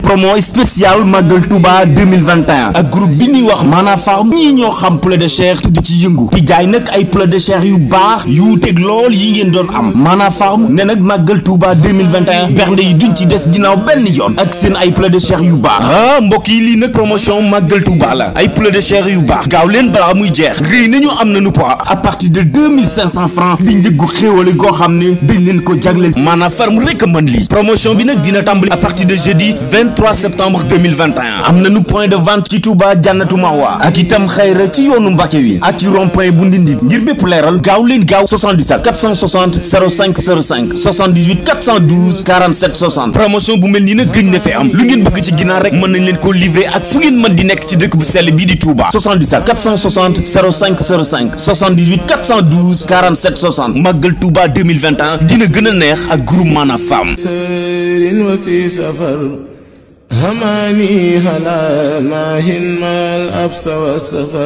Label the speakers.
Speaker 1: promo spécial Magal Touba 2021 ak groupe bi ñuy wax maanaam farm ñii ñoo xam poulet de chair tudd ci yëngu di jaay nag ay poulet de chair yu baax yu teg lool yi ngeen doon am maanaam farm ne nag Magal Touba 2021 bernde yi duñ ci des ginnaaw benn yoon ak seen ay poulet de chair yu baax ah mbokk yi lii nag promotion Magal Touba la ay poulet de chair yu baax gaaw leen balaa muy jeex rëy nañu am nañu poids à partir de 2500 francs li njëggu xéewale goo xam ne ne dañ leen ko jagleel maanaam ferme rek a mën lii promotion bi nag dina tàmbali à partir de jeudi 23 septembre am nañu point de vente ci Touba Jannatu Mahwa ak itam xayra ci yoonu Mbàkke wi ak ci rond point bu ndindi ngir bépp leeral gaaw leen gaaw promotion bu mel nii nag gëñ na fi am lu ngeen bëgg ci ginaar rek mën nañ leen koo livrer ak fu ngeen mën di nekk ci dëkk bu sell bii di Touba 77 460 instant dina gën a neex ak groupement na femme
Speaker 2: sërin wa fi safar hamaani hala maahin maal absa wa safar